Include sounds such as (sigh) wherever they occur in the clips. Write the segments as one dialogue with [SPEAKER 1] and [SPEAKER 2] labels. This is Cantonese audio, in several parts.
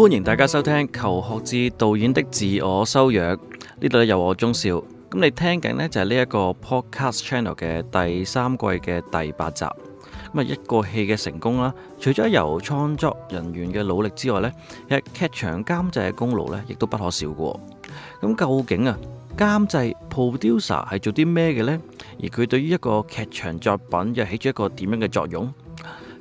[SPEAKER 1] 歡迎大家收聽求學誌，導演的自我修養。呢度咧，由我鍾少，咁你聽緊呢就係呢一個 podcast channel 嘅第三季嘅第八集。咁啊一個戲嘅成功啦，除咗由創作人員嘅努力之外咧，其實劇場監製嘅功勞呢亦都不可少嘅。咁究竟啊監製 producer 係做啲咩嘅呢？而佢對於一個劇場作品又起咗一個點樣嘅作用？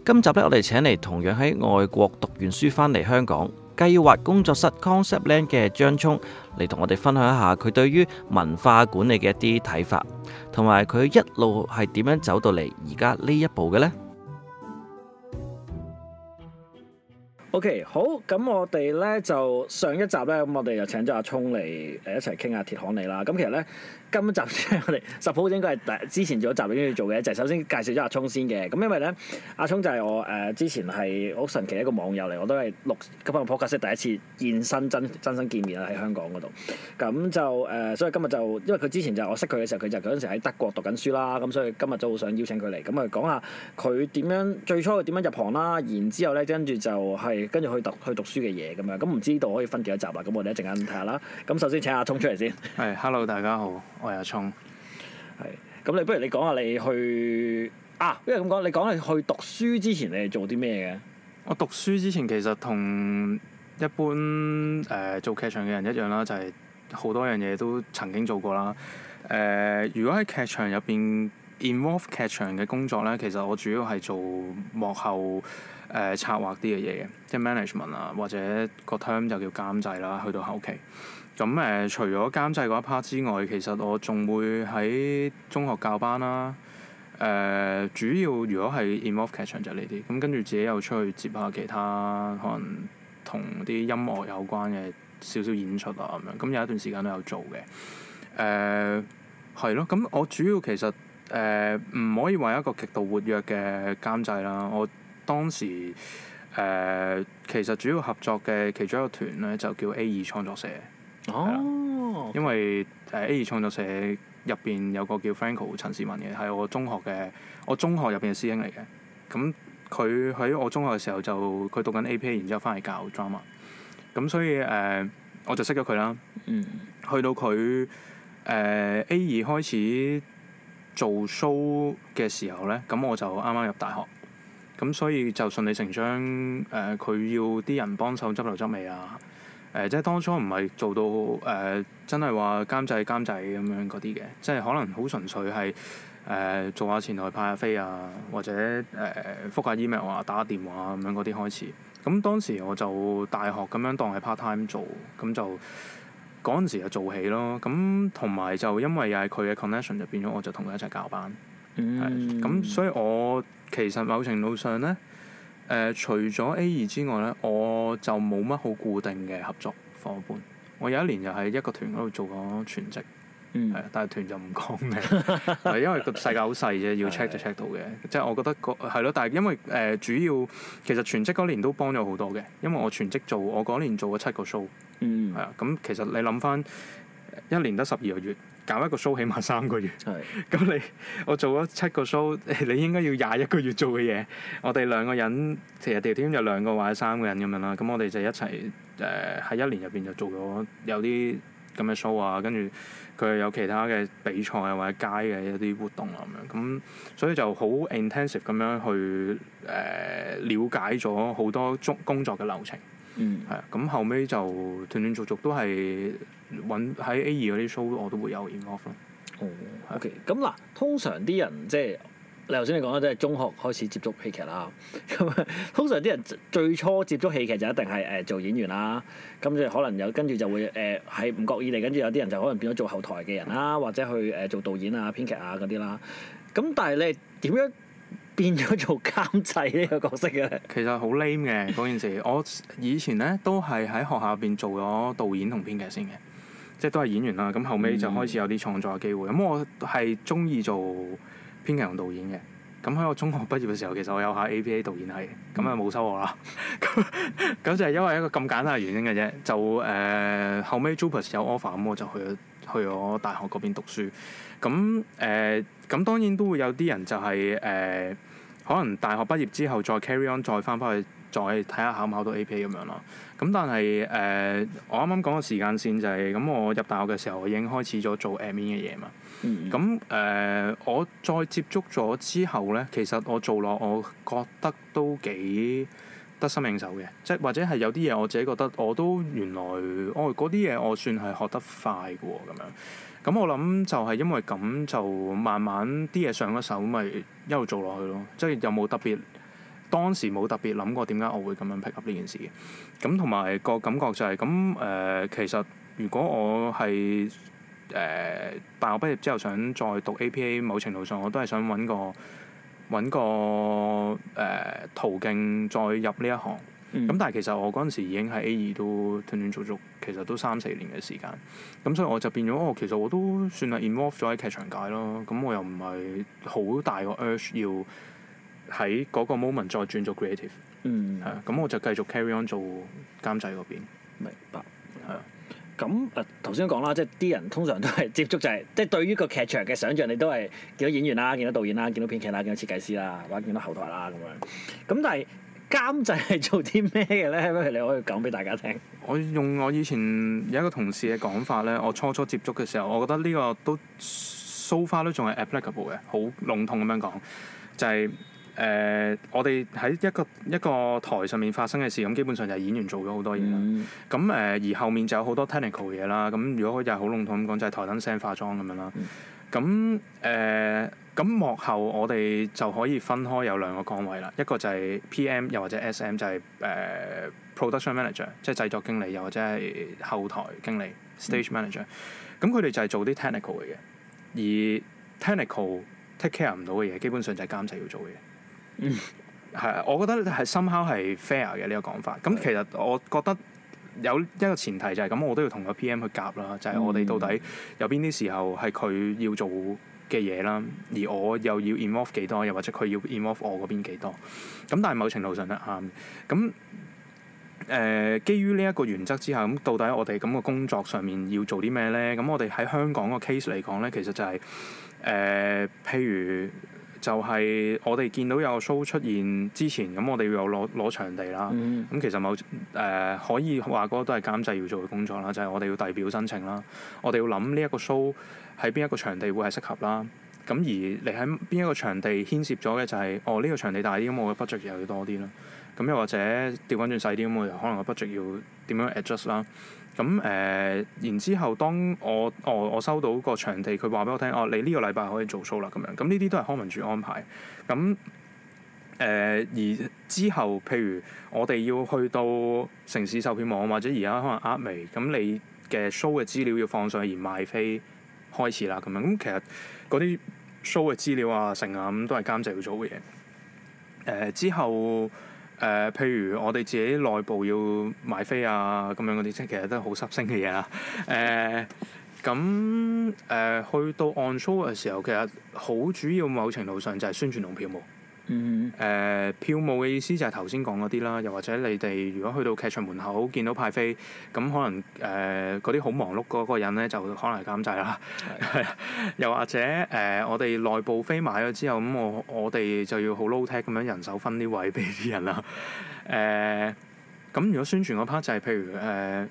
[SPEAKER 1] 今集呢，我哋請嚟同樣喺外國讀完書返嚟香港。計劃工作室 Conceptland 嘅張聰嚟同我哋分享一下佢對於文化管理嘅一啲睇法，同埋佢一路係點樣走到嚟而家呢一步嘅呢 OK，好，咁我哋呢就上一集呢，咁我哋又請咗阿聰嚟一齊傾下鐵行。理啦。咁其實呢。今集我哋十鋪應該係第之前做咗集已經要做嘅，就係首先介紹咗阿聰先嘅。咁因為咧，阿聰就係我誒之前係好神奇一個網友嚟，我都係六個半 Podcast 第一次現身真真身見面啊喺香港嗰度。咁就誒，所以今日就因為佢之前就我識佢嘅時候，佢就嗰陣時喺德國讀緊書啦。咁所以今日就好想邀請佢嚟，咁咪講下佢點樣最初佢點樣入行啦，然之後咧跟住就係跟住去讀去讀書嘅嘢咁樣。咁唔知道可以分幾多集啊？咁我哋一陣間睇下看看啦。咁首先請阿聰出嚟先。係、hey, hello 大家好。我係阿聰，係咁你不如你講下你去啊，不如咁講，你講你去讀書之前你係做啲咩嘅？
[SPEAKER 2] 我讀書之前其實同一般誒、呃、做劇場嘅人一樣啦，就係、是、好多樣嘢都曾經做過啦。誒、呃，如果喺劇場入邊 involve 劇場嘅工作咧，其實我主要係做幕後、呃、策劃啲嘅嘢嘅，即係 management 啊，或者個 term 就叫監製啦，去到後期。咁誒、呃，除咗監製嗰一 part 之外，其實我仲會喺中學教班啦。誒、呃，主要如果係 involve 劇場就呢啲咁，跟住自己又出去接下其他可能同啲音樂有關嘅少少演出啊咁樣。咁有一段時間都有做嘅。誒係咯，咁我主要其實誒唔、呃、可以話一個極度活躍嘅監製啦。我當時誒、呃、其實主要合作嘅其中一個團咧就叫 A2 創作社。哦，oh, okay. 因為誒、uh, A 二創作社入邊有個叫 Franco 陳士文嘅，係我中學嘅，我中學入邊嘅師兄嚟嘅。咁佢喺我中學嘅時候就佢讀緊 AP A.P.A，然之後翻嚟教 drama 咁，所以誒，uh, 我就識咗佢啦。嗯、mm，hmm. 去到佢誒、uh, A 二開始做 show 嘅時候咧，咁我就啱啱入大學，咁所以就順理成章誒，佢、uh, 要啲人幫手執頭執尾啊。誒、呃、即係當初唔係做到誒、呃、真係話監製監製咁樣嗰啲嘅，即係可能好純粹係誒、呃、做下前台派下飛啊，或者誒覆下 email 啊、打下電話咁樣嗰啲開始。咁當時我就大學咁樣當係 part time 做，咁就嗰陣時就做起咯。咁同埋就因為又係佢嘅 connection，就變咗我就同佢一齊教班。嗯。
[SPEAKER 1] 咁所
[SPEAKER 2] 以我其實某程度上咧，誒、呃、除咗 A 二之外咧，我。我就冇乜好固定嘅合作伙伴，我有一年就喺一個團嗰度做咗全職，係啊、嗯，但係團就唔講嘅，係 (laughs) (laughs) 因為個世界好細啫，要 check 就 check 到嘅，即係的我覺得個係咯，但係因為誒、呃、主要其實全職嗰年都幫咗好多嘅，因為我全職做，我嗰年做咗七個 show，係啊、嗯，咁其實你諗翻一年得十二個月。搞一個 show 起碼三個月，咁是 (laughs) 你我做咗七個 show，你應該要廿一個月做嘅嘢。我哋兩個人，其實條 team 有兩個或者三個人咁樣啦，咁我哋就一齊誒喺一年入邊就做咗有啲咁嘅 show 啊，跟住佢有其他嘅比賽或者街嘅一啲活動咁樣，咁、啊、所以就好 intensive 咁樣去誒了解咗好多中工作嘅流程，係咁、嗯、後尾就斷斷續續都
[SPEAKER 1] 係。揾喺 A 二嗰啲 show 我都會有 involvement。哦，OK，咁嗱，通常啲人即係你頭先你講咧，即係中學開始接觸戲劇啦。咁通常啲人最初接觸戲劇就一定係誒、呃、做演員啦。咁即係可能有跟住就會誒喺五角以嚟，跟、呃、住有啲人就可能變咗做後台嘅人啦，或者去誒、呃、做導演啊、編劇啊嗰啲啦。咁但係你點樣變咗做監製呢個角色
[SPEAKER 2] 嘅？其實好 lame 嘅嗰件事， (laughs) 我以前咧都係喺學校入邊做咗導演同編劇先嘅。即係都係演員啦，咁後尾就開始有啲創作嘅機會。咁、嗯嗯、我係中意做編劇同導演嘅。咁喺我中學畢業嘅時候，其實我有下 APA 導演系，咁啊冇收我啦。咁 (laughs) 就係因為一個咁簡單嘅原因嘅啫。就誒、呃、後尾 Jupiter 有 offer，咁、嗯、我就去去咗大學嗰邊讀書。咁誒咁當然都會有啲人就係、是、誒、呃、可能大學畢業之後再 carry on 再翻返去再睇下考唔考到 APA 咁樣咯。咁但係誒、呃，我啱啱講個時間線就係、是，咁我入大學嘅時候，我已經開始咗做 admin 嘅嘢嘛。咁誒、嗯呃，我再接觸咗之後咧，其實我做落，我覺得都幾得心應手嘅。即係或者係有啲嘢我自己覺得，我都原來哦嗰啲嘢我算係學得快㗎喎，咁樣。咁我諗就係因為咁，就慢慢啲嘢上咗手，咪一路做落去咯。即係有冇特別？當時冇特別諗過點解我會咁樣 p 合呢件事嘅，咁，同埋個感覺就係咁誒。其實如果我係誒、呃、大學畢業之後想再讀 A.P.A，某程度上我都係想揾個揾個、呃、途徑再入呢一行咁。嗯、但係其實我嗰陣時已經喺 A 二都斷斷續續，其實都三四年嘅時間咁，所以我就變咗哦。其實我都算係 involve 咗喺劇場界咯。咁我又唔係好大個 urge 要。喺嗰個 moment 再轉做 creative，
[SPEAKER 1] 嗯，係啊，咁我就繼續 carry on 做監製嗰邊。明白係啊，咁誒頭先講啦，即係啲人通常都係接觸就係即係對於個劇場嘅想象，你都係見到演員啦，見到導演啦，見到編劇啦，見到設計師啦，或者見到後台啦咁樣。咁但係監製係做啲咩嘅咧？不如你可以講俾大家聽。
[SPEAKER 2] 我用我以前有一個同事嘅講法咧，我初初接觸嘅時候，我覺得呢個都 so far 都仲係 applicable 嘅，好籠統咁樣講就係、是。誒，uh, 我哋喺一個一個台上面發生嘅事，咁基本上就係演員做咗好多嘢啦。咁誒、嗯呃，而後面就有好多 technical 嘢啦。咁如果佢就係好籠統咁講，就係、是、台燈、聲、化妝咁樣啦。咁誒、嗯，咁、呃、幕後我哋就可以分開有兩個崗位啦。一個就係 P.M. 又或者 S.M. 就係、是、誒、呃、production manager，即係製作經理，又或者係後台經理 stage manager、嗯。咁佢哋就係做啲 technical 嘅嘢，而 technical take care 唔到嘅嘢，基本上就係監製要做嘅嘢。嗯，係、mm.，我覺得係 somehow 係 fair 嘅呢、這個講法。咁其實我覺得有一個前提就係、是、咁，我都要同個 P.M. 去夾啦，就係、是、我哋到底有邊啲時候係佢要做嘅嘢啦，而我又要 involve 幾多，又或者佢要 involve 我嗰邊幾多。咁但係某程度上都啱，咁誒，基於呢一個原則之下，咁到底我哋咁嘅工作上面要做啲咩咧？咁我哋喺香港個 case 嚟講咧，其實就係、是、誒、呃，譬如。就係我哋見到有個 show 出現之前，咁我哋要有攞攞場地啦。咁、mm. 其實某誒、呃、可以話嗰都係監製要做嘅工作啦，就係、是、我哋要遞表申請啦，我哋要諗呢一個 show 喺邊一個場地會係適合啦。咁而你喺邊一個場地牽涉咗嘅、就是，就係哦呢、呢個場地大啲，咁我嘅 budget 又要多啲啦。咁又或者調翻轉細啲，咁我就可能我 budget 要點樣 adjust 啦、啊。咁誒，然之後當我我我收到個場地，佢話俾我聽，哦、啊，你呢個禮拜可以做 show 啦，咁樣咁呢啲都係康文署安排。咁誒、啊，而之後譬如我哋要去到城市售票網或者而家可能 Art-mate 咁，你嘅 show 嘅資料要放上去而賣飛開始啦，咁樣咁其實嗰啲 show 嘅資料啊、成啊咁都係監製要做嘅嘢。誒、啊、之後。誒、呃，譬如我哋自己內部要買飛啊，咁樣嗰啲，即係其實都係好濕聲嘅嘢啦。誒、呃，咁誒、呃、去到 on show 嘅時候，其實好主要某程度上就係宣傳同票務。誒、嗯呃、票務嘅意思就係頭先講嗰啲啦，又或者你哋如果去到劇場門口見到派飛，咁可能誒嗰啲好忙碌嗰個人咧，就可能係監製啦。 (laughs) 又或者誒、呃、我哋內部飛買咗之後，咁我我哋就要好 low tech 咁樣人手分啲位俾啲人啦。誒、 (laughs) 呃，咁如果宣傳嗰 part 就係、是、譬如誒、呃，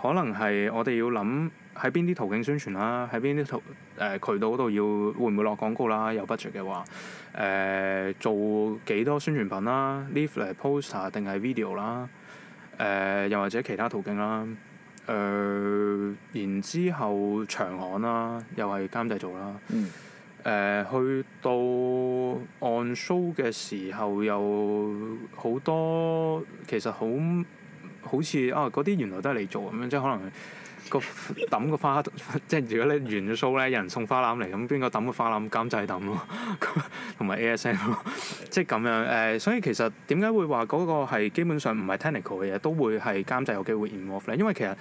[SPEAKER 2] 可能係我哋要諗。喺邊啲途徑宣傳啦？喺邊啲途誒渠道嗰度要會唔會落廣告啦？有 budget 嘅話，誒、呃、做幾多宣傳品啦 leaflet poster 定係 video 啦、呃？誒又或者其他途徑啦？誒、呃、然之後場刊啦，又係監製做啦。嗯、呃。去到 on show 嘅時候又好多，其實好好似啊嗰啲原來都係你做咁樣，即係可能。個抌個花， (laughs) 即係如果你完咗 show 咧，有人送花籃嚟，咁邊個抌個花籃監監製？監製抌咯，同埋 A S M 咯，即係咁樣誒。所以其實點解會話嗰個係基本上唔係 technical 嘅嘢，都會係監製有機會 involve 咧。因為其實誒、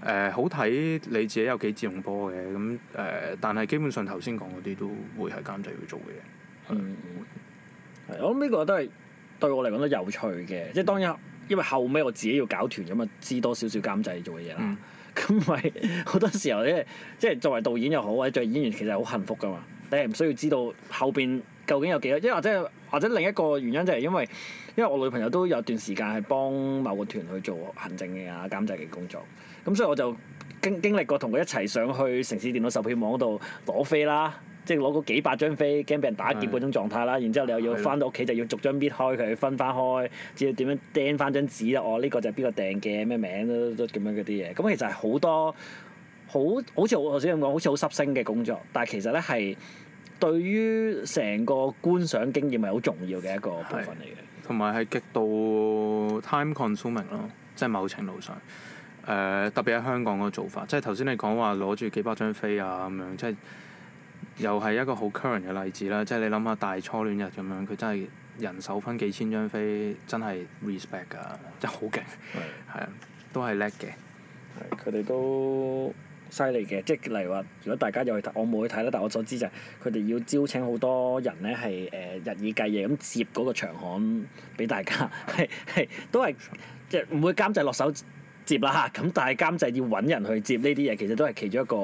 [SPEAKER 2] 呃、好睇你自己有幾自動波嘅咁誒，但係、呃、基本上頭先講嗰啲都會係
[SPEAKER 1] 監製去做嘅嘢。嗯、會我諗呢個都係對我嚟講都有趣嘅，即係當然因為後尾我自己要搞團咁啊，知多少少監製做嘅嘢啦。嗯咁咪好多時候咧，即係作為導演又好，或者作為演員，其實好幸福噶嘛。你係唔需要知道後邊究竟有幾多，即係或者或者另一個原因就係因為，因為我女朋友都有段時間係幫某個團去做行政嘅啊、監製嘅工作。咁所以我就經經歷過同佢一齊上去城市電腦售票網度攞飛啦。即係攞嗰幾百張飛，驚俾人打劫嗰種狀態啦。的然之後你又要翻到屋企的就要逐張搣開佢，分翻開，知道點樣釘翻張紙啦。哦，呢、這個就係邊個訂嘅咩名都都咁樣嗰啲嘢。咁、嗯、其實係好多好好似我頭先咁講，好似好，好濕星嘅工作。但係其實咧係對於成個觀賞經驗係好重要嘅一個部分嚟
[SPEAKER 2] 嘅。同埋係極度 time consuming 咯、嗯，即係某程度上，誒、呃、特別喺香港嗰個做法，即係頭先你講話攞住幾百張飛啊咁樣，即係。又係一個好 current 嘅例子啦，即係你諗下大初戀日咁樣，佢真係人手分幾千張飛，真係 respect 㗎，真係好勁，係啊的，都係叻嘅，
[SPEAKER 1] 佢哋都犀利嘅。即係例如話，如果大家有去睇，我冇去睇啦。但我所知就係佢哋要招請好多人咧，係誒、呃、日以繼夜咁接嗰個場刊俾大家，係係都係即係唔會監製落手。接啦嚇，咁但係監製要揾人去接呢啲嘢，其實都係其中一個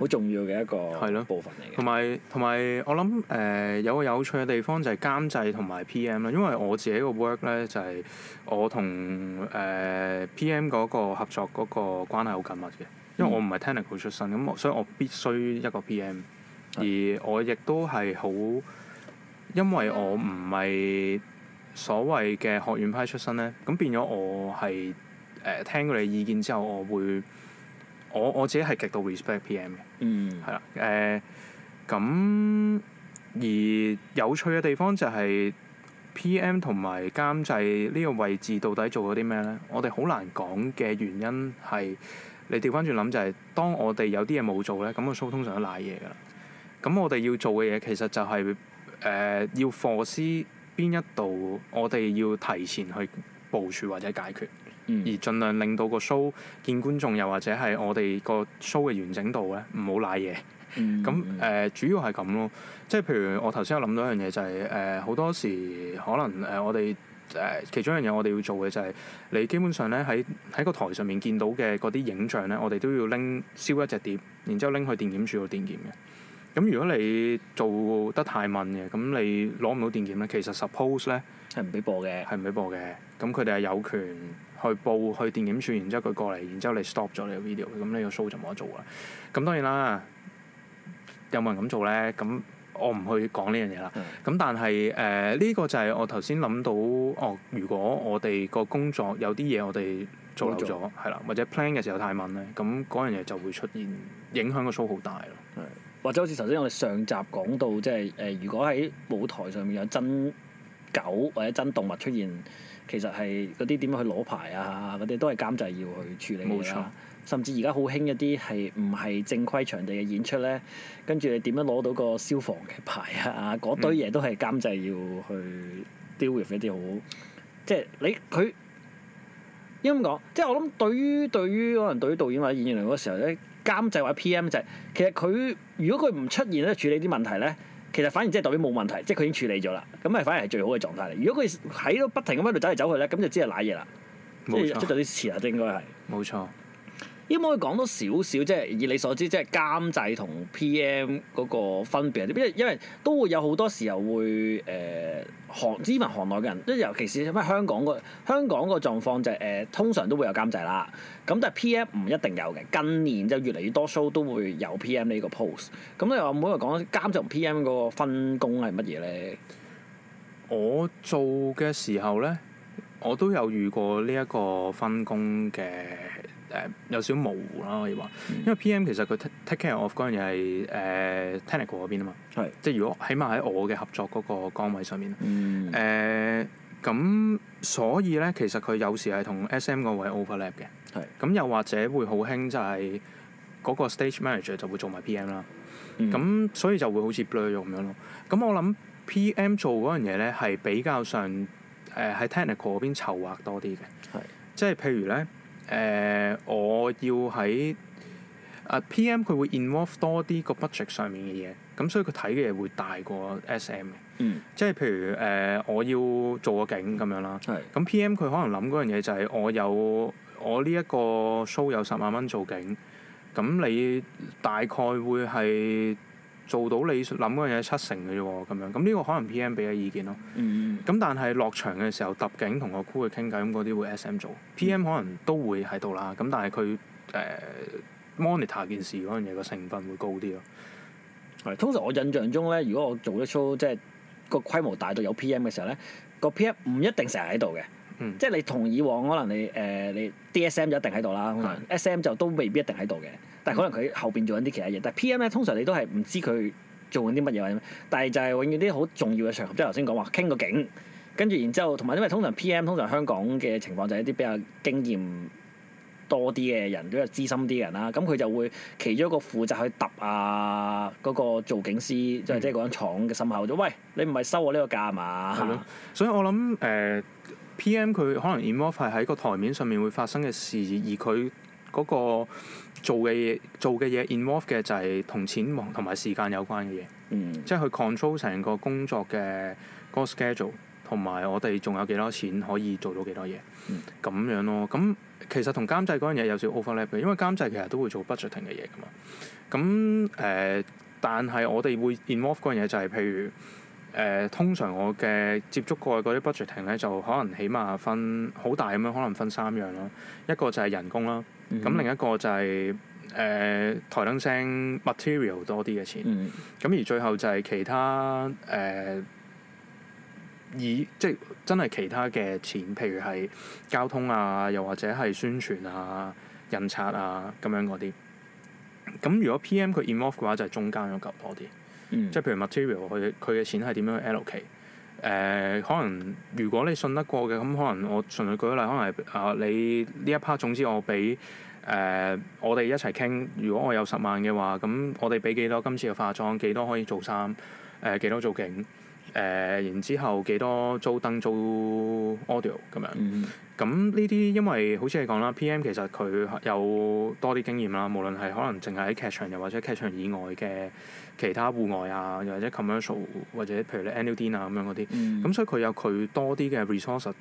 [SPEAKER 1] 好重要嘅一個部分嚟嘅。
[SPEAKER 2] 同埋同埋，我諗誒、呃、有個有趣嘅地方就係監製同埋 P.M. 啦，因為我自己個 work 呢，就係、是、我同誒、呃、P.M. 嗰個合作嗰個關係好緊密嘅，因為我唔係 technical 出身咁，所以我必須一個 P.M. 而我亦都係好，因為我唔係所謂嘅學院派出身呢，咁變咗我係。誒、呃、聽過你意見之後，我會我我自己係極度 respect P.M. 嘅，係啦，誒咁而有趣嘅地方就係、是、P.M. 同埋監製呢個位置到底做咗啲咩呢？我哋好難講嘅原因係你調翻轉諗就係、是、當我哋有啲嘢冇做呢，咁個 show 通常都瀨嘢㗎喇。咁我哋要做嘅嘢其實就係、是、誒、呃、要貨司邊一度我哋要提前去部署或者解決。而盡量令到個 show 見觀眾，又或者係我哋個 show 嘅完整度咧、嗯，唔好賴嘢。咁誒、嗯，呃、主要係咁咯。即係譬如我頭先有諗到一樣嘢、就係，就係誒好多時可能誒、呃、我哋誒、呃、其中一樣嘢我哋要做嘅就係你基本上咧喺喺個台上面見到嘅嗰啲影像咧，我哋都要拎燒一隻碟，然之後拎去電檢處度電檢嘅。咁如果你做得太問嘅，咁你攞唔到電檢咧。其實 suppose 咧係唔俾播嘅，係唔俾播嘅。咁佢哋係有權。去報去電影處，然之後佢過嚟，然之後你 stop 咗你嘅 video，咁你個 show 就冇得做啦。咁當然啦，有冇人咁做咧？咁我唔去講呢樣嘢啦。咁、嗯、但係誒呢個就係我頭先諗到，哦，如果我哋個工作有啲嘢我哋做漏咗，係啦，或者 plan 嘅時候太慢咧，咁
[SPEAKER 1] 嗰樣嘢就會出現影響個 show 好大咯。或者好似頭先我哋上集講到，即係誒如果喺舞台上面有真狗或者真動物出現。其實係嗰啲點樣去攞牌啊？嗰啲都係監製要去處理㗎，啊。沒錯 甚至而家好興一啲係唔係正規場地嘅演出咧，跟住你點樣攞到個消防嘅牌啊？嗰堆嘢都係監製要去 deal with 一啲好，即係你佢應該咁講。即係我諗，對於對於可能對於導演或者演員嚟講，時候咧監製或者 PM 就係、其實佢如果佢唔出現咧，處理啲問題咧。其實反而即係代表冇問題，即係佢已經處理咗啦。咁咪反而係最好嘅狀態嚟。如果佢喺度不停咁喺度走嚟走去咧，咁就知係瀨嘢啦。即係出咗啲事啦，應該係。冇錯。可唔可以講多少少？即係以你所知，即係監製同 P.M. 嗰個分別？因為都會有好多時候會誒、呃、行，依份行內嘅人，即尤其是香港個香港個狀況就誒、是呃，通常都會有監製啦。咁但係 P.M. 唔一定有嘅。近年就越嚟越多 show 都會有 P.M. 呢個 post。咁你話每一個講監製同 P.M. 嗰個分工係乜嘢咧？我做嘅時候咧，
[SPEAKER 2] 我都有遇過呢一個分工嘅，誒有少模糊啦，我可以話，因為 P.M. 其實佢 take care of 嗰樣嘢係誒 technical 嗰邊啊嘛，係是即係如果起碼喺我嘅合作嗰個崗位上面，誒咁、嗯呃、所以咧，其實佢有時係同 S.M. 個位 overlap 嘅，係咁是又或者會好興就係嗰個 stage manager 就會做埋 P.M. 啦，咁、嗯、所以就會好似 blurred 咁樣咯。咁我諗 P.M. 做嗰樣嘢咧係比較上誒喺、呃、technical 嗰邊籌劃多啲嘅，係是即係譬如咧。誒、呃，我要喺、啊、PM 佢會 involve 多啲個 budget 上面嘅嘢，咁所以佢睇嘅嘢會大過 SM 嘅、嗯，即係譬如誒、呃，我要做個景咁樣啦，咁、嗯、PM 佢可能諗嗰樣嘢就係我有我呢一個 show 有十萬蚊做景，咁你大概會係。做到你諗嗰樣嘢七成嘅啫喎，咁樣咁呢個可能 P.M. 俾嘅意見咯。咁、嗯、但係落場嘅時候揼警同個 crew 去傾偈，咁嗰啲會 S.M. 做，P.M.、嗯、可能都會喺度啦。咁但係佢誒
[SPEAKER 1] monitor 件事嗰樣嘢個成分會高啲咯。係，嗯、通常我印象中咧，如果我做得 show 即係個規模大到有 P.M. 嘅時候咧，個 P.M. 唔一定成日喺度嘅。嗯、即係你同以往可能你誒、呃、你 D.S.M. 就一定喺度啦，可能 S.M. 就都未必一定喺度嘅。但係可能佢後邊做緊啲其他嘢，但係 P.M. 咧通常你都係唔知佢做緊啲乜嘢或者咩，但係就係永遠啲好重要嘅場合，即係頭先講話傾個景，跟住然之後同埋因為通常 P.M. 通常香港嘅情況就係一啲比較經驗多啲嘅人，即係資深啲嘅人啦，咁佢就會其中一個負責去揼啊嗰、嗰個做景師，即係即係嗰間廠嘅心口，就、嗯、喂你唔係收我呢個價嘛？係咯。所以我諗誒、呃、P.M.
[SPEAKER 2] 佢可能 involve 喺個台面上面會發生嘅事，而佢。嗰個做嘅嘢，做嘅嘢 involve 嘅就係同錢同同埋時間有關嘅嘢，嗯、即係去 control 成個工作嘅個 schedule，同埋我哋仲有幾多錢可以做到幾多嘢咁、嗯、樣咯。咁其實同監製嗰樣嘢有少 overlap 嘅，因為監製其實都會做 budgeting 嘅嘢㗎嘛。咁誒，但係、呃、我哋會 involve 嗰樣嘢就係譬如誒、呃，通常我嘅接觸過嗰啲 budgeting 咧，就可能起碼分好大咁樣，可能分三樣啦，一個就係人工啦。咁另一個就係、是、誒、呃、台燈聲 material 多啲嘅錢，咁、嗯、而最後就係其他誒、呃、以即係真係其他嘅錢，譬如係交通啊，又或者係宣傳啊、印刷啊咁樣嗰啲。咁如果 P.M. 佢 involve 嘅話，就係、是、中間嗰嚿多啲，嗯、即係譬如 material 佢佢嘅錢係點樣去 allocate 誒、呃、可能如果你信得過嘅，咁可能我純粹舉例，可能誒、呃、你呢一 part 總之我俾誒、呃、我哋一齊傾。如果我有十萬嘅話，咁我哋俾幾多？今次嘅化妝幾多可以做衫？誒、呃、幾多做景？誒、呃，然之後幾多租燈租 audio 咁樣咁呢啲，因為好似你講啦，P.M. 其實佢有多啲經驗啦。無論係可能淨係喺劇場，又或者劇場以外嘅其他戶外啊，又或者 commercial 或者譬如你 annual dinner 啊咁樣嗰啲咁，所以佢有佢多啲嘅 resources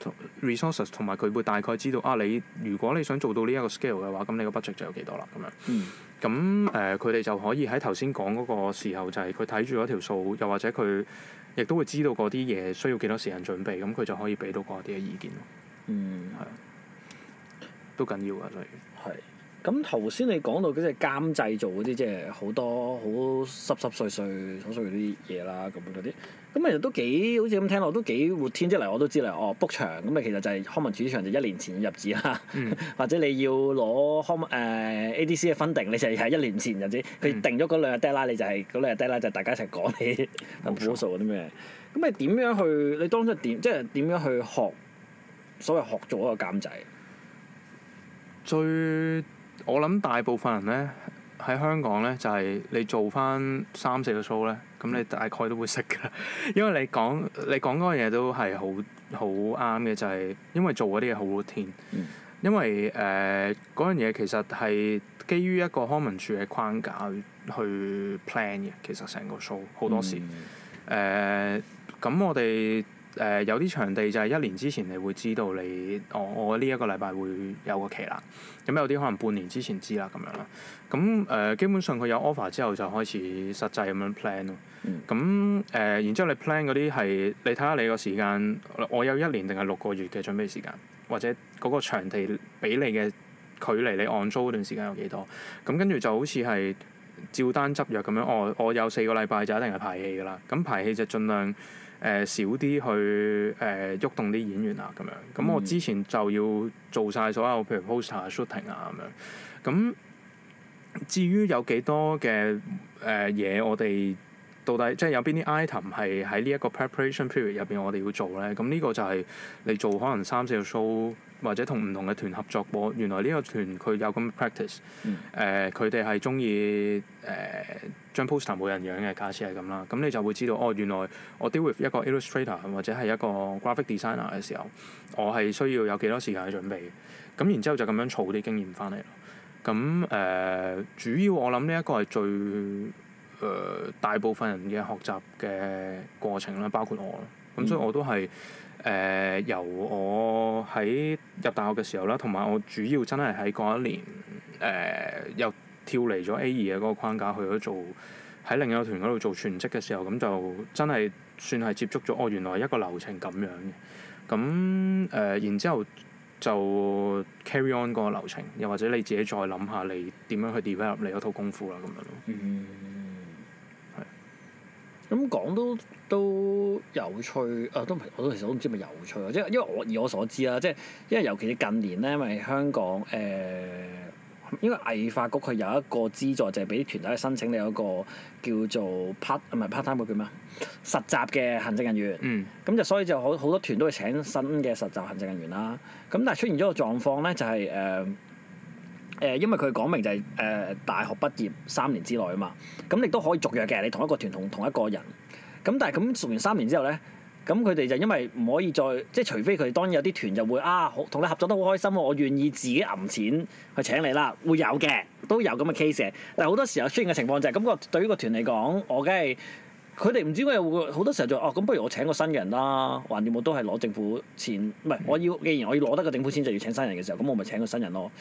[SPEAKER 2] resources 同埋佢會大概知道啊。你如果你想做到呢一個 scale 嘅話，咁你個 budget 就有幾多啦咁樣咁誒，佢哋、嗯呃、就可以喺頭先講嗰個時候就係佢睇住嗰條數，又或者佢。亦都會知道嗰啲嘢需要幾多時間準備，咁佢就可以俾到嗰啲嘅意見咯。嗯，
[SPEAKER 1] 係啊，都緊要㗎，所以係。咁頭先你講到嗰隻監製做嗰啲，即係好多好濕濕碎碎、口水嗰啲嘢啦，咁嗰啲。咁其實，都幾好似咁聽落都幾活天即嚟，我都知啦。哦，book 場咁啊，其實就係康文署場，就一年前入資啦。或者你要攞康文 A D C 嘅分定，你就係一年前入資。佢定咗嗰兩日 deadline，你就係嗰兩日 deadline、嗯就是、就大家一齊講你 proposal 嗰啲咩。咁錯 (laughs) 你點樣去？你當初點即係點樣去學？所謂學做一個監製，
[SPEAKER 2] 最我諗大部分人咧。喺香港咧，就係、是、你做翻三四個 show 咧，咁你大概都會識㗎。 (laughs) 因為你講你講嗰個嘢都係好好啱嘅，就係、是、因為做嗰啲嘢好天，因為誒嗰樣嘢其實係基於一個康文 m 嘅框架去 plan 嘅，其實成個 show 好多時誒。咁、嗯呃、我哋誒有啲場地就係一年之前，你會知道你我我呢一個禮拜會有個期啦。咁有啲可能半年之前知啦，咁樣啦。咁、呃、誒基本上佢有 offer 之後就開始實際咁樣 plan 咯、嗯。咁誒、呃、然之後你 plan 嗰啲係你睇下你個時間，我有一年定係六個月嘅準備時間，或者嗰個場地俾你嘅距離你按租段時間有幾多？咁跟住就好似係照單執藥咁樣。我我有四個禮拜就一定係排戲噶啦。咁排戲就盡量。誒、呃、少啲去誒喐、呃、動啲演員啊咁樣，咁我之前就要做晒所有譬如 poster、shooting 啊咁樣。咁至於有幾多嘅誒嘢，呃、我哋到底即係有邊啲 item 係喺呢一個 preparation period 入邊，我哋要做咧？咁呢個就係你做可能三四個 show。或者同唔同嘅團合作過，原來呢個團佢有咁 practice，誒佢哋、嗯、係中意誒、呃、將、呃、poster 冇人養嘅假設係咁啦，咁你就會知道哦，原來我 deal with 一個 illustrator 或者係一個 graphic designer 嘅時候，我係需要有幾多時間去準備，咁然之後就咁樣儲啲經驗翻嚟。咁誒、呃、主要我諗呢一個係最誒、呃、大部分人嘅學習嘅過程啦，包括我，咁所以我都係。嗯誒、呃、由我喺入大學嘅時候啦，同埋我主要真係喺嗰一年，誒、呃、又跳離咗 A 二嘅嗰個框架去咗做喺另一個團嗰度做全職嘅時候，咁就真係算係接觸咗哦，原來一個流程咁樣嘅。咁誒、呃、然之後就 carry on 個流程，又或者你自己再諗下你點樣去
[SPEAKER 1] develop 你嗰套功夫啦，咁樣咯。嗯咁講都都有趣，誒、啊、都唔係我都其實都唔知咪有趣，即係因為我以我所知啦，即係因為尤其是近年咧，因為香港誒、呃，因為藝發局佢有一個資助，就係、是、俾團體去申請，你有一個叫做 part 唔係 part time 叫咩實習嘅行政人員。嗯，咁就所以就好好多團都會請新嘅實習行政人員啦。咁但係出現咗個狀況咧、就是，就係誒。誒，因為佢講明就係誒大學畢業三年之內啊嘛，咁亦都可以續約嘅。你同一個團同同一個人咁，但係咁續完三年之後咧，咁佢哋就因為唔可以再即係，除非佢當然有啲團就會啊，同你合作得好開心，我願意自己揞錢去請你啦，會有嘅都有咁嘅 case 嘅。但係好多時候出現嘅情況就係咁個對於個團嚟講，我梗係佢哋唔知點解會好多時候就哦咁，啊、不如我請個新人啦，橫掂我都係攞政府錢唔係我要。既然我要攞得個政府錢，就要請新人嘅時候，咁我咪請個新人咯。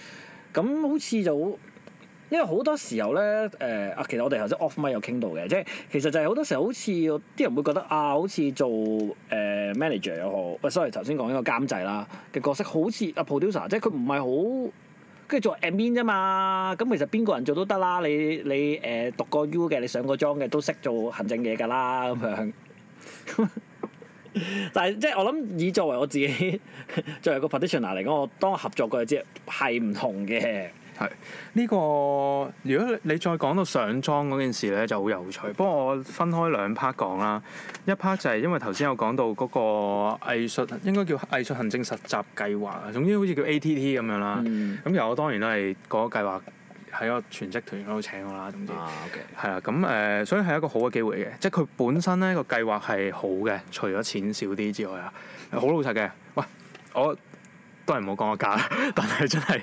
[SPEAKER 1] 咁好似就好，因為好多時候咧，誒、呃、啊，其實我哋頭先 off mic 有傾到嘅，即係其實就係好多時候好似，啲人會覺得啊，好似做誒、呃、manager 又好，唔 sorry，頭先講呢個監製啦嘅角色，好似啊 producer，即係佢唔係好，跟住做 admin 啫嘛，咁其實邊個人做都得啦，你你誒、呃、讀過 U 嘅，你上過莊嘅都識做行政嘢㗎啦，咁樣。 (laughs) 但係即係我諗以作為我自己作為一個 petitioner 嚟講，我當我合作過就知係唔同嘅。係呢、這個，
[SPEAKER 2] 如果你再講到上裝嗰件事咧，就好有趣。不過我分開兩 part 講啦，一 part 就係因為頭先有講到嗰個藝術應該叫藝術行政實習計劃，總之好似叫 ATT 咁樣啦。咁其、嗯、我當然都係嗰個計劃。喺個全職團隊度請我啦，總之係啊。咁、okay. 誒、呃，所以係一個好嘅機會嘅，即係佢本身咧個計劃係好嘅，除咗錢少啲之外啊，好、嗯、老實嘅。喂，我都係唔好講個價啦， (laughs) 但係真係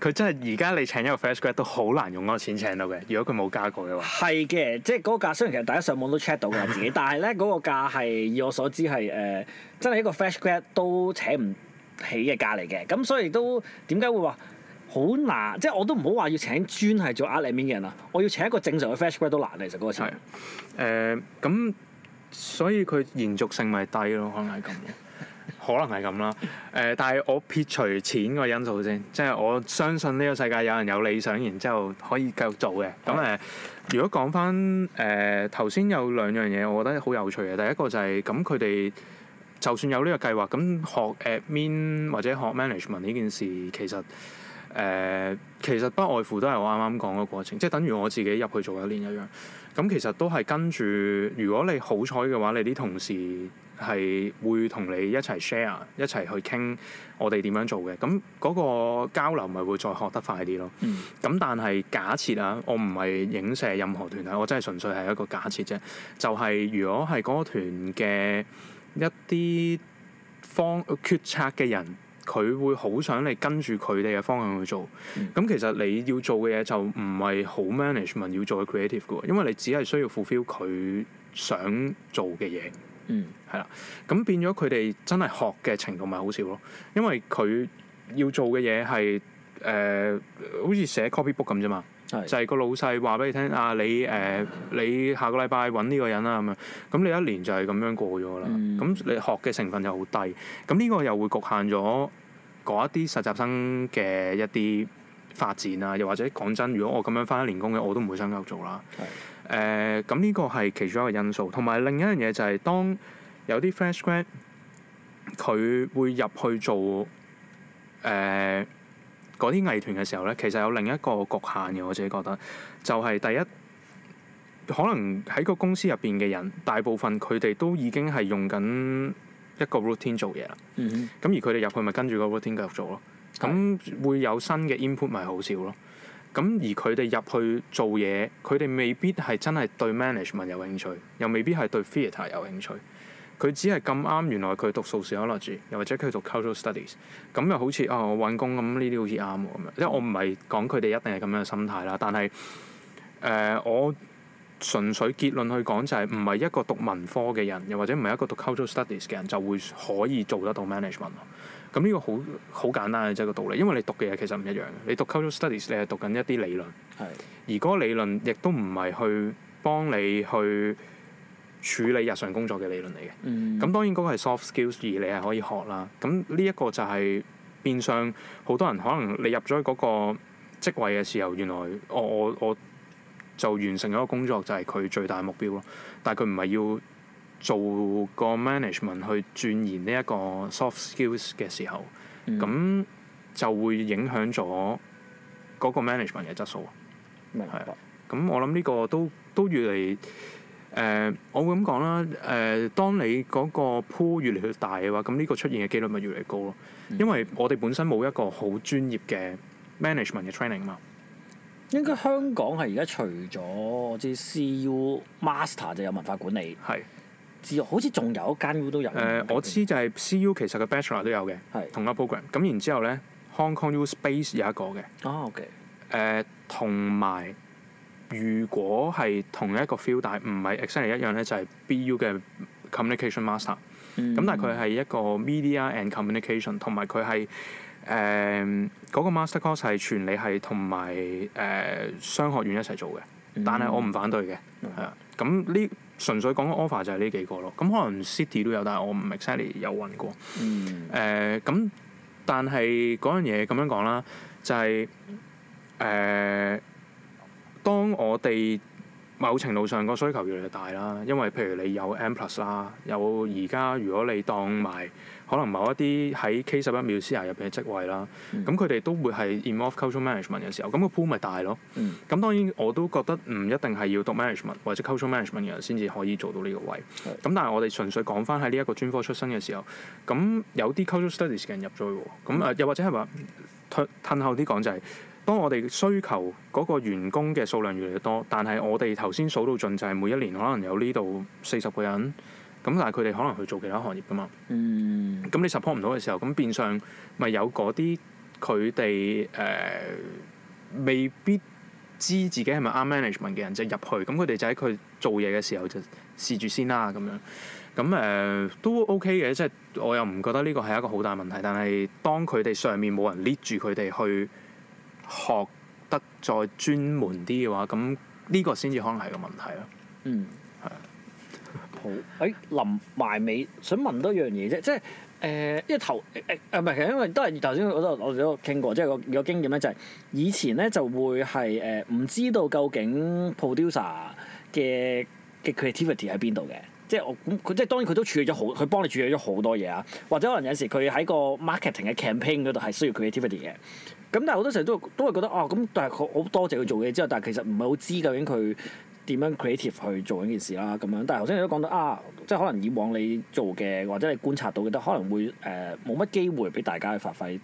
[SPEAKER 2] 佢真係而家你請一個 fresh grad 都好難用嗰
[SPEAKER 1] 個錢請到嘅，如果佢冇加過嘅話。係嘅，即係嗰個價雖然其實大家上網都 check 到嘅自己，但係咧嗰個價係以我所知係誒、呃、真係一個 fresh grad 都請唔起嘅價嚟嘅，咁所以都點解會話？好難，即係我都唔好話要請專係做 admin 嘅人啦。我要請一個正常嘅 fresh grad 都難，其實嗰個錢係咁、呃，
[SPEAKER 2] 所以佢延續性咪低咯，可能係咁， (laughs) 可能係咁啦。誒、呃，但係我撇除錢個因素先，即係我相信呢個世界有人有理想，然之後可以繼續做嘅。咁誒、呃，如果講翻誒頭先有兩樣嘢，我覺得好有趣嘅。第一個就係、是、咁，佢哋就算有呢個計劃，咁學 admin 或者學 management 呢件事，其實。誒、呃，其實不外乎都係我啱啱講嘅過程，即係等於我自己入去做一年一樣。咁其實都係跟住，如果你好彩嘅話，你啲同事係會同你一齊 share、一齊去傾，我哋點樣做嘅。咁嗰個交流咪會再學得快啲咯。咁、嗯、但係假設啊，我唔係影射任何團體，我真係純粹係一個假設啫。就係、是、如果係嗰個團嘅一啲方決策嘅人。佢會好想你跟住佢哋嘅方向去做，咁、嗯、其實你要做嘅嘢就唔係好 management 要做嘅 creative 嘅，因為你只係需要 fulfill 佢想做嘅嘢，嗯，係啦，咁變咗佢哋真係學嘅程度咪好少咯，因為佢要做嘅嘢係誒好似寫 copy book 咁啫嘛。就係個老細話俾你聽啊，你誒、呃、你下個禮拜揾呢個人啦咁啊，咁你一年就係咁樣過咗啦。咁、嗯、你學嘅成分又好低，咁呢個又會局限咗嗰一啲實習生嘅一啲發展啊。又或者講真，如果我咁樣返一年工嘅，我都唔會想繼續做啦。誒是，咁呢、呃、個係其中一個因素，同埋另一樣嘢就係、是、當有啲 fresh grad 佢會入去做誒。呃嗰啲藝團嘅時候咧，其實有另一個局限嘅。我自己覺得就係第一，可能喺個公司入邊嘅人大部分佢哋都已經係用緊一個 routine 做嘢啦。嗯哼，咁而佢哋入去咪跟住個 routine 繼續做咯。咁會有新嘅 input 咪好少咯。咁而佢哋入去做嘢，佢哋未必係真係對 management 有興趣，又未必係對 theater 有興趣。佢只係咁啱，原來佢讀 sociology 又或者佢讀 cultural studies，咁又好似、哦、我揾工咁呢啲好似啱喎，咁樣，因為我唔係講佢哋一定係咁樣嘅心態啦，但係誒、呃，我純粹結論去講就係唔係一個讀文科嘅人，又或者唔係一個讀 cultural studies 嘅人就會可以做得到 management。咁呢個好好簡單嘅一個道理，因為你讀嘅嘢其實唔一樣嘅。你讀 cultural studies，你係讀緊一啲理論，係而嗰理論亦都唔係去幫你去。處理日常工作嘅理論嚟嘅，咁、嗯、當然嗰個係 soft skills 而你係可以學啦。咁呢一個就係變相好多人可能你入咗嗰個職位嘅時候，原來我我我就完成咗個工作就係佢最大目標咯。但係佢唔係要做個 management 去鑽研呢一個 soft skills 嘅時候，咁、嗯、就會影響咗嗰個 management 嘅質素。明白。係咁我諗呢個都都越嚟。誒、呃，我會咁講啦。誒、呃，當你嗰個鋪越嚟越大嘅話，咁呢個出現嘅機率咪越嚟越高咯。因為我哋本身冇一個好專業嘅 management 嘅 training 嘛。
[SPEAKER 1] 應該香港係而家除咗即係 CU Master 就有文化管理，係是。自好似仲有一間 U 都有。
[SPEAKER 2] 誒、呃，我知就係 CU 其實嘅 Bachelor 都有嘅，係是同一 program。咁然之後咧，Hong Kong U Space 有一個嘅。哦、oh,，OK、呃。誒，同埋。如果係同一個 field 但但唔係 exactly 一樣咧，就係、是、BU 嘅 communication master、嗯。咁但係佢係一個 media and communication，同埋佢係誒嗰個 master course 係全理係同埋誒商學院一齊做嘅。但係我唔反對嘅，係啊、嗯。咁呢純粹講個 offer 就係呢幾個咯。咁可能 city 都有，但係我唔 exactly 有揾過。誒咁、嗯呃，但係嗰樣嘢咁樣講啦，就係、是、誒。呃當我哋某程度上個需求越嚟越大啦，因為譬如你有 M+ 啦，有而家如果你當埋可能某一啲喺 K 十一 MUSEA 入邊嘅職位啦，咁佢哋都會係 involve cultural management 嘅時候，咁、那個 pool 咪大咯。咁、嗯、當然我都覺得唔一定係要讀 management 或者 cultural management 嘅人先至可以做到呢個位。咁是但係我哋純粹講翻喺呢一個專科出身嘅時候，咁有啲 cultural studies 嘅人入咗去喎。咁誒、嗯、又或者係話褪褪後啲講就係、是。當我哋需求嗰個員工嘅數量越嚟越多，但係我哋頭先數到盡就係每一年可能有呢度四十個人咁，但係佢哋可能去做其他行業㗎嘛。咁、嗯、你 support 唔到嘅時候，咁變相咪有嗰啲佢哋誒未必知自己係咪啱 management 嘅人就入、是、去咁，佢哋就喺佢做嘢嘅時候就試住先啦，咁樣咁誒、呃、都 OK 嘅，即、就、係、是、我又唔覺得呢個係一個好大問題。但係當佢哋上面冇人 lead 住佢哋去。學得再專門啲
[SPEAKER 1] 嘅話，咁呢個先至可能係個問題咯。嗯，係是。好， (laughs) 誒臨埋尾想問多樣嘢啫，即係誒、呃、因為頭誒唔係，因為都係頭先我覺得我哋都傾過，即係、那個有經驗咧、就是，就係以前咧就會係誒唔知道究竟 producer 嘅嘅 creativity 喺邊度嘅，即係我咁佢即係當然佢都處理咗好，佢幫你處理咗好多嘢啊，或者可能有時佢喺個 marketing 嘅 campaign 嗰度係需要 creativity 嘅。咁但係好多時候都都係覺得哦，咁但係好多謝佢做嘢之後，但係其實唔係好知究竟佢點樣 creative 去做呢件事啦，咁樣。但係頭先你都講到啊，即係可能以往你做嘅或者你觀察到嘅，都可能會誒冇乜機會俾大家去發揮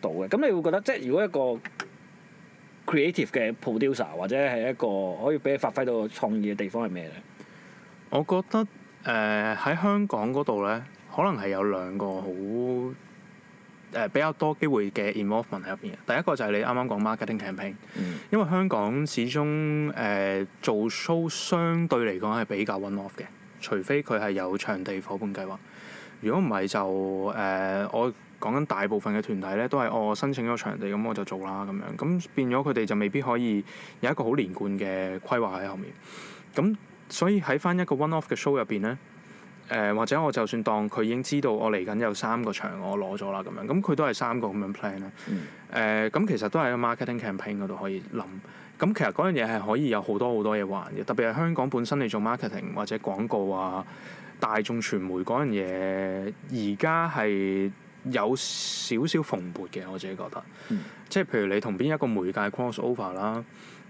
[SPEAKER 1] 到嘅。咁你會覺得即係如果一個 creative 嘅 producer 或者係一個可以俾你發揮到創意嘅地方係咩咧？我覺得誒
[SPEAKER 2] 喺、呃、香港嗰度咧，可能係有兩個好。誒、呃、比較多機會嘅 involvement 喺入邊嘅，第一個就係你啱啱講 marketing campaign、嗯、因為香港始終誒、呃、做 show 相對嚟講係比較 one off 嘅，除非佢係有場地夥伴計劃，如果唔係就誒、呃、我講緊大部分嘅團體咧，都係、哦、我申請咗場地咁我就做啦咁樣，咁變咗佢哋就未必可以有一個好連貫嘅規劃喺後面，咁所以喺返一個 one off 嘅 show 入邊咧。誒、或者我就算當佢已經知道我嚟緊有三個場我攞咗啦咁樣，咁佢都係三個咁樣 plan 咧、mm. 呃。咁其實都係喺一個 marketing campaign 嗰度可以諗。咁其實嗰樣嘢係可以有好多好多嘢玩嘅，特別係香港本身你做 marketing 或者廣告啊、大眾傳媒嗰樣嘢，而家係有少少蓬勃嘅，我自己覺得。即係、mm. 譬如你同邊一個媒介 cross over 啦。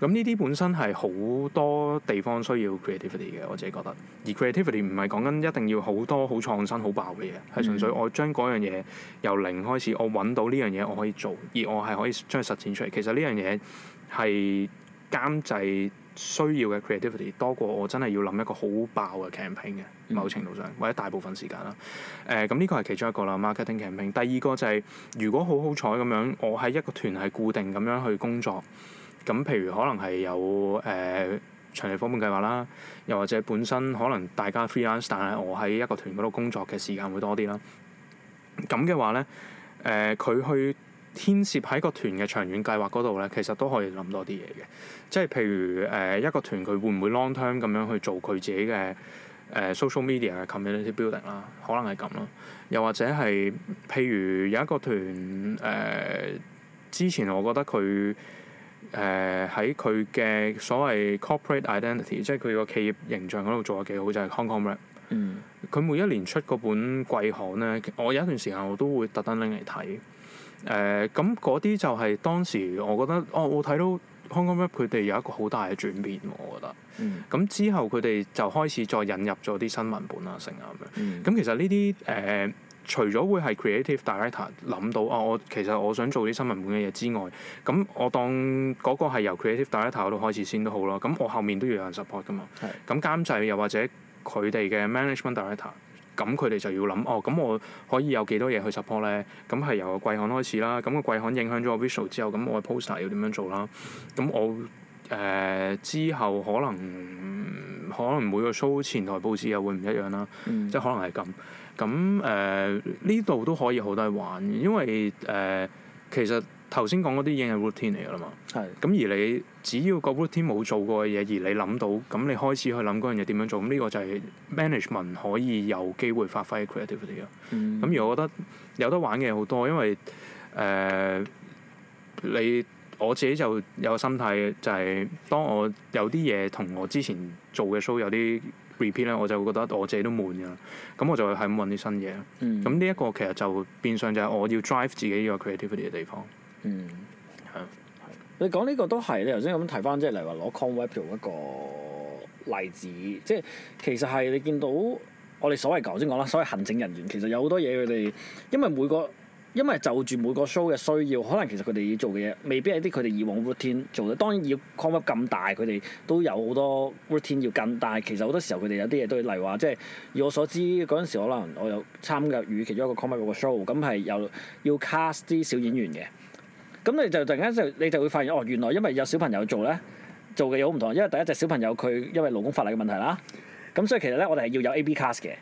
[SPEAKER 2] 咁呢啲本身係好多地方需要 creativity 嘅，我自己覺得。而 creativity 唔係講緊一定要好多好創新好爆嘅嘢，係、mm hmm. 純粹我將嗰樣嘢由零開始，我揾到呢樣嘢我可以做，而我係可以將佢實踐出嚟。其實呢樣嘢係監製需要嘅 creativity 多過我真係要諗一個好爆嘅 campaign 嘅、mm hmm. 某程度上，或者大部分時間啦。咁、呃、呢個係其中一個啦，marketing campaign。第二個就係、是、如果好好彩咁樣，我喺一個團係固定咁樣去工作。咁，譬如可能係有誒、呃、長期夥伴計劃啦，又或者本身可能大家 freelance，但係我喺一個團嗰度工作嘅時間會多啲啦。咁嘅話咧，誒、呃、佢去牽涉喺個團嘅長遠計劃嗰度咧，其實都可以諗多啲嘢嘅。即係譬如誒、呃、一個團佢會唔會 long term 咁樣去做佢自己嘅誒、呃、social media 嘅 community building 啦，可能係咁咯。又或者係譬如有一個團誒、呃，之前我覺得佢。誒喺佢嘅所謂 corporate identity，即係佢個企業形象嗰度做得幾好，就係、是、Hong Kong Rap。佢、嗯、每一年出嗰本季刊咧，我有一段時間我都會特登拎嚟睇。誒、呃，咁嗰啲就係當時我覺得，哦，我睇到 Hong Kong Rap 佢哋有一個好大嘅轉變我覺得。嗯。咁之後佢哋就開始再引入咗啲新文本啊，成啊咁樣。咁、嗯、其實呢啲誒。呃除咗會係 creative director 諗到啊、哦，我其實我想做啲新聞本嘅嘢之外，咁我當嗰個係由 creative director 嗰度開始先都好咯。咁我後面都要有人 support 噶嘛。係是。咁監製又或者佢哋嘅 management director，咁佢哋就要諗哦，咁我可以有幾多嘢去 support 咧？咁係由個季刊開始啦。咁個季刊影響咗 visual 之後，咁我嘅 poster 要點樣做啦？咁我誒、呃、之後可能可能每個 show 前台佈置又會唔一樣啦，嗯、即係可能係咁。咁誒呢度都可以好嘢多玩，因為誒、呃、其實頭先講嗰啲已經係 routine 嚟㗎啦嘛。係的。咁而你只要個 routine 冇做過嘅嘢，而你諗到，咁你開始去諗嗰樣嘢點樣做，咁呢個就係 management 可以有機會發揮 creativity 嘅。嗯。咁而我覺得有得玩嘅好多，因為誒、呃、你我自己就有個心態，就係當我有啲嘢同我之前做嘅 show 有啲 repeat 咧我就會覺得我自己都悶㗎，咁我就係咁揾啲新嘢。咁呢一個其實就變相就係我要 drive 自己個 creativity 嘅地方。嗯，
[SPEAKER 1] 係係。你講呢個都係，你頭先咁提翻即係例如話攞 Conceptland 一個例子，即係其實係你見到我哋所謂頭先講啦，所謂行政人員其實有好多嘢佢哋，因為每個因為就住每個 show 嘅需要，可能其實佢哋要做嘅嘢未必係啲佢哋以往 routine 做嘅。當然要 Cover 咁大，佢哋都有好多 routine 要跟。但係其實好多時候佢哋有啲嘢都係，例如話即係以我所知嗰陣時，可能我有參加與其中一個 Cover 嘅 show，咁係有要 cast 啲小演員嘅。咁你就突然間就你就會發現哦，原來因為有小朋友做咧，做嘅嘢好唔同。因為第一隻小朋友佢因為勞工法例嘅問題啦，咁所以其實咧我哋係要有 A B cast 嘅。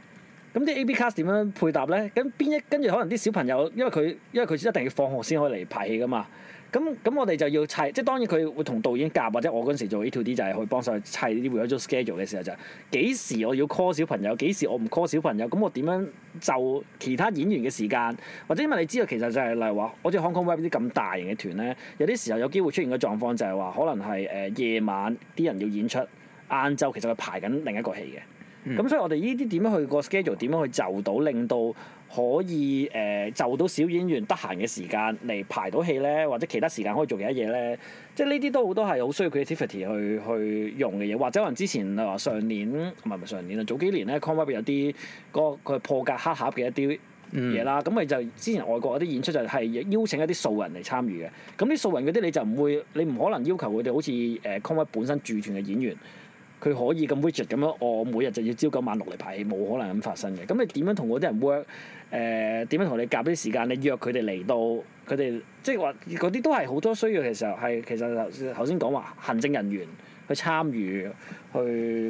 [SPEAKER 1] 咁啲 A、B cast 點樣配搭咧？咁邊一跟住可能啲小朋友，因為佢因為佢一定要放學先可以嚟排戲噶嘛。咁咁我哋就要砌，即係當然佢會同導演夾，或者我嗰陣時做 A、Two D 就係去幫手砌啲，會有咗 schedule 嘅時候就幾時我要 call 小朋友，幾時我唔 call 小朋友，咁我點樣就其他演員嘅時間，或者因為你知道其實就係例如話好似 Hong Kong Web 啲咁大型嘅團咧，有啲時候有機會出現嘅狀況就係話可能係誒夜晚啲人要演出，晏晝其實佢排緊另一個戲嘅。咁、嗯、所以我哋呢啲點樣去、個 schedule，點樣去就到，令到可以誒、呃、就到小演員得閒嘅時間嚟排到戲咧，或者其他時間可以做其他嘢咧，即係呢啲都好多係好需要 creativity 去去用嘅嘢。或者可能之前啊上年唔係唔係上年啊，早幾年咧 Conweb 有啲個佢破格黑盒嘅一啲嘢啦。咁咪、嗯、就之前外國嗰啲演出就係邀請一啲素人嚟參與嘅。咁啲素人嗰啲你就唔會，你唔可能要求佢哋好似誒、呃、Conweb 本身駐團嘅演員。佢可以咁 rigid 咁樣，我每日就要朝九晚六嚟排，冇可能咁發生嘅。咁你點樣同嗰啲人 work？誒、呃、點樣同你夾啲時間？你約佢哋嚟到，佢哋即係話嗰啲都係好多需要嘅時候係其實頭先講話行政人員去參與，去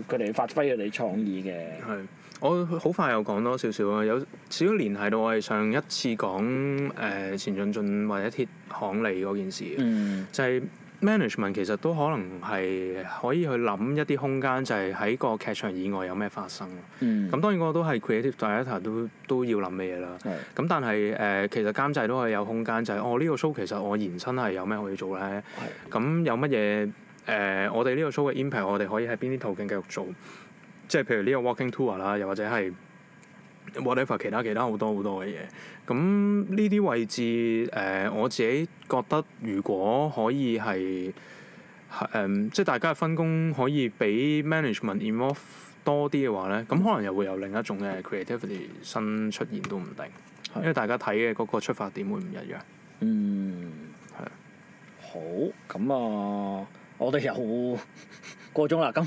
[SPEAKER 1] 佢哋發揮佢哋創意嘅。係，我好快又講多
[SPEAKER 2] 少少啊！有少少聯繫到我哋上一次講誒前進進或者鐵行嚟嗰件事，嗯、就係、是。management 其實都可能係可以去諗一啲空間，就係喺個劇場以外有咩發生。咁、mm. 當然我都係 Creative Director 都都要諗嘅嘢啦。咁的但係誒、呃，其實監製都可以有空間、就係，就係哦呢、呢個 show 其實我延伸係有咩可以做咧。咁的有乜嘢誒？我哋呢個 show 嘅 impact 我哋可以喺邊啲途徑繼續做，即係譬如呢個 walking tour 啦，又或者係。whatever 其他其他好多好多嘅嘢，咁呢啲位置誒、呃、我自己覺得如果可以係，誒即係大家嘅分工可以俾 management involved 多啲嘅話咧，咁可能又會有另一種嘅 creativity 新出現都唔定，的因為大家睇嘅嗰個出發點會唔一樣。嗯，
[SPEAKER 1] 係的。好，咁啊，我哋又好。 (laughs) 個鐘啦，咁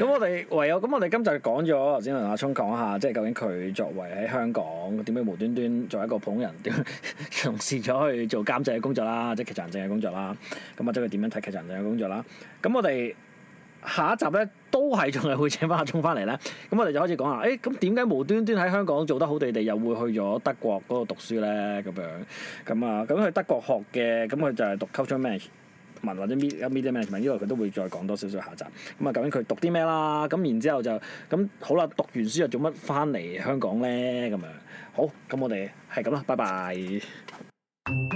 [SPEAKER 1] 咁 (laughs) 我哋唯有咁，我哋今集講咗，頭先同阿聰講下，即係究竟佢作為喺香港點解無端端做一個普通人，點樣從事咗去做監製嘅工作啦，即係劇場正嘅工作啦。咁或者佢點樣睇劇場正嘅工作啦？咁我哋下一集咧都係仲係會請翻阿聰翻嚟咧。咁我哋就開始講下，誒、欸，咁點解無端端喺香港做得好地地，又會去咗德國嗰度讀書咧？咁樣咁啊，咁佢德國學嘅，咁佢就係讀 culture manage。文或者搣啊搣啲咩文，因為佢都會再講多少少下集。咁啊，究竟佢讀啲咩啦？咁然之後就，咁好啦。讀完書又做乜翻嚟香港咧？咁樣，好，咁我哋係咁啦，拜拜。 (music)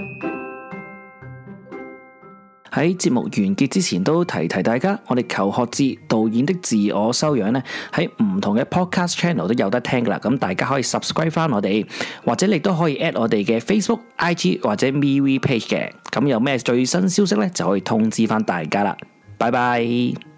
[SPEAKER 1] 喺節目完結之前都提提大家，我哋求學志導演的自我修養咧，喺唔同嘅 podcast channel 都有得聽噶啦。咁大家可以 subscribe 翻我哋，或者你都可以 at 我哋嘅 Facebook、IG 或者 MeWe page 嘅。咁有咩最新消息咧，就可以通知翻大家啦。拜拜。